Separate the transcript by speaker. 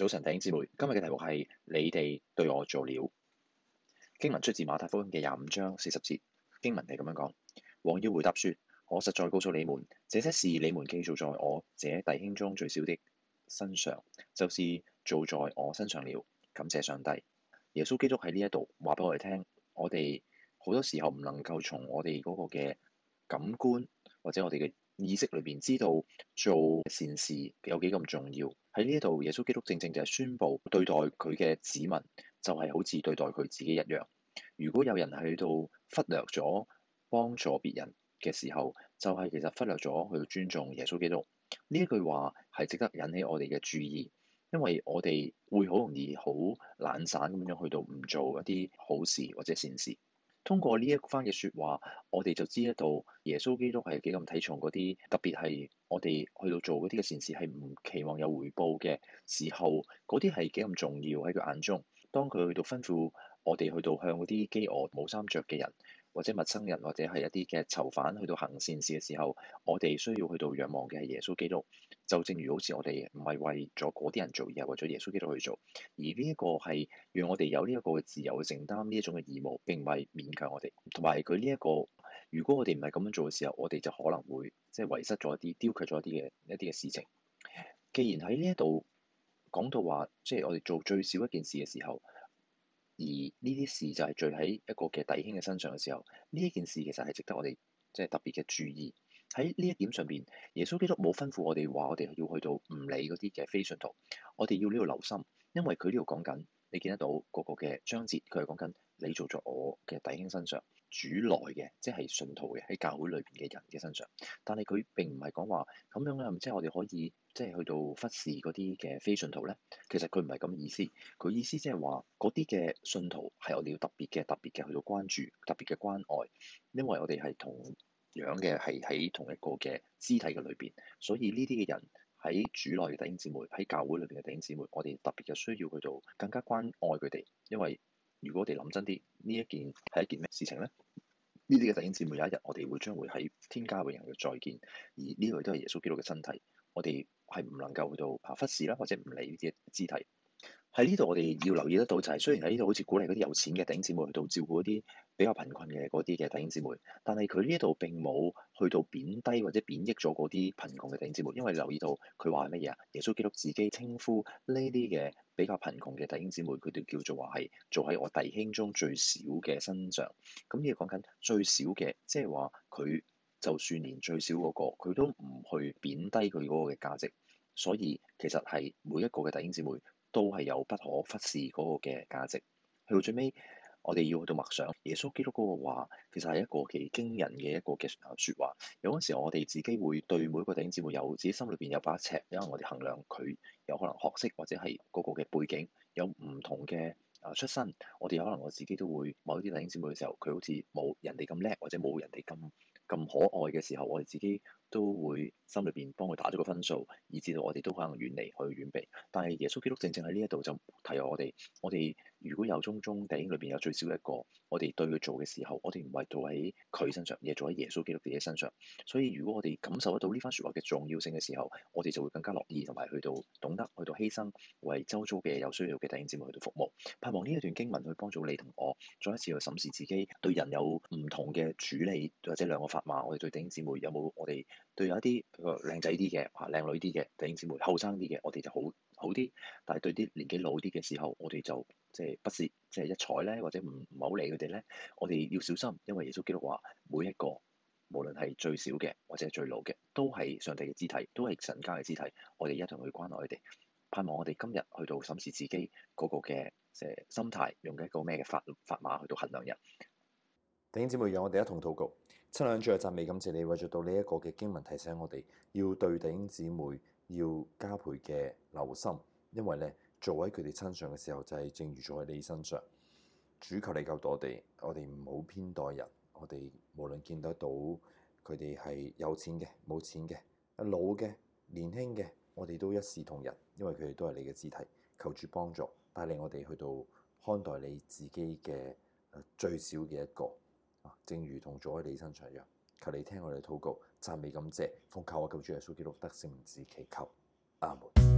Speaker 1: 早晨，弟兄姊妹，今日嘅題目係你哋對我做了。經文出自馬太福音嘅廿五章四十節，經文係咁樣講：王要回答說，我實在告訴你們，這些事你們既做在我這弟兄中最小的身上，就是做在我身上了。感謝上帝，耶穌基督喺呢一度話俾我哋聽，我哋好多時候唔能夠從我哋嗰個嘅感官或者我哋嘅。意識裏邊知道做善事有幾咁重要，喺呢度耶穌基督正正就係宣佈，對待佢嘅子民就係好似對待佢自己一樣。如果有人喺度忽略咗幫助別人嘅時候，就係其實忽略咗去尊重耶穌基督。呢一句話係值得引起我哋嘅注意，因為我哋會好容易好懶散咁樣去到唔做一啲好事或者善事。通過呢一番嘅説話，我哋就知得到耶穌基督係幾咁睇重嗰啲，特別係我哋去到做嗰啲嘅善事係唔期望有回報嘅時候，嗰啲係幾咁重要喺佢眼中。當佢去到吩咐我哋去到向嗰啲飢餓冇衫着嘅人。或者陌生人，或者係一啲嘅囚犯，去到行善事嘅時候，我哋需要去到仰望嘅係耶穌基督。就正如好似我哋唔係為咗嗰啲人做嘢，而係為咗耶穌基督去做。而呢一個係讓我哋有呢一個嘅自由去承擔呢一種嘅義務，並唔係勉強我哋。同埋佢呢一個，如果我哋唔係咁樣做嘅時候，我哋就可能會即係遺失咗一啲、丟卻咗一啲嘅一啲嘅事情。既然喺呢一度講到話，即係我哋做最少一件事嘅時候。而呢啲事就係聚喺一個嘅弟兄嘅身上嘅時候，呢一件事其實係值得我哋即係特別嘅注意。喺呢一點上邊，耶穌基督冇吩咐我哋話我哋要去到唔理嗰啲嘅非信徒，我哋要呢度留心，因為佢呢度講緊。你見得到個個嘅章節，佢係講緊你做咗我嘅弟兄身上主內嘅，即係信徒嘅喺教會裏邊嘅人嘅身上。但係佢並唔係講話咁樣啊，即係我哋可以即係去到忽視嗰啲嘅非信徒咧。其實佢唔係咁意思，佢意思即係話嗰啲嘅信徒係我哋要特別嘅、特別嘅去到關注、特別嘅關愛，因為我哋係同樣嘅係喺同一個嘅肢體嘅裏邊，所以呢啲嘅人。喺主內嘅弟兄姊妹，喺教會裏邊嘅弟兄姊妹，我哋特別嘅需要去到更加關愛佢哋，因為如果我哋諗真啲，呢一件係一件咩事情咧？呢啲嘅弟兄姊妹有一日我哋會將會喺天家永遠嘅再見，而呢個都係耶穌基督嘅身體，我哋係唔能夠去到啊忽視啦，或者唔理呢啲肢體。喺呢度，我哋要留意得到就係，雖然喺呢度好似鼓勵嗰啲有錢嘅弟兄姊妹去到照顧一啲比較貧困嘅嗰啲嘅弟兄姊妹，但係佢呢度並冇去到貶低或者貶抑咗嗰啲貧窮嘅弟兄姊妹，因為留意到佢話係乜嘢啊？耶穌基督自己稱呼呢啲嘅比較貧窮嘅弟兄姊妹，佢哋叫做話係做喺我弟兄中最小嘅身上。咁呢個講緊最少嘅，即係話佢就算連最少嗰個，佢都唔去貶低佢嗰個嘅價值。所以其實係每一個嘅弟兄姊妹。都係有不可忽視嗰個嘅價值。去到最尾，我哋要去到默想耶穌基督嗰個話，其實係一個幾驚人嘅一個嘅説話。有嗰陣時，我哋自己會對每個弟兄姊妹有自己心裏邊有把尺，因為我哋衡量佢有可能學識或者係嗰個嘅背景有唔同嘅啊出身，我哋有可能我自己都會某啲弟兄姊妹嘅時候，佢好似冇人哋咁叻，或者冇人哋咁咁可愛嘅時候，我哋自己，都會心裏邊幫佢打咗個分數，以至到我哋都可能遠離去遠避。但係耶穌基督正正喺呢一度就提我哋：我哋如果有中中弟兄裏邊有最少一個，我哋對佢做嘅時候，我哋唔係做喺佢身上，而係做喺耶穌基督自己身上。所以如果我哋感受得到呢番説話嘅重要性嘅時候，我哋就會更加樂意同埋去到懂得去到犧牲，為周遭嘅有需要嘅弟兄姊妹去到服務。盼望呢一段經文去幫助你同我再一次去審視自己對人有唔同嘅處理，或者兩個法碼。我哋對弟兄姊妹有冇我哋？對有一啲個靚仔啲嘅，啊靚女啲嘅弟兄姊妹後生啲嘅，我哋就好好啲，但係對啲年紀老啲嘅時候，我哋就即係不屑，即係一睬咧，或者唔唔好理佢哋咧。我哋要小心，因為耶穌基督話每一個無論係最少嘅或者係最老嘅，都係上帝嘅肢體，都係神家嘅肢體。我哋一定要去關愛佢哋，盼望我哋今日去到審視自己嗰個嘅誒心態，用嘅一個咩嘅法法碼去到衡量人。
Speaker 2: 弟兄姊妹，讓我哋一同禱告。親兩住後集，未感謝你為咗到呢一個嘅經文，提醒我哋要對弟兄姊妹要加倍嘅留心，因為呢，做喺佢哋身上嘅時候，就係、是、正如做喺你身上。主求你救到我哋，我哋唔好偏待人，我哋無論見得到佢哋係有錢嘅、冇錢嘅、老嘅、年輕嘅，我哋都一視同仁，因為佢哋都係你嘅肢體，求主幫助帶領我哋去到看待你自己嘅最少嘅一個。正如同咗喺你身上一樣，求你聽我哋禱告，讚美感謝，奉靠、啊、求我救主耶穌基督，得勝之祈求，阿門。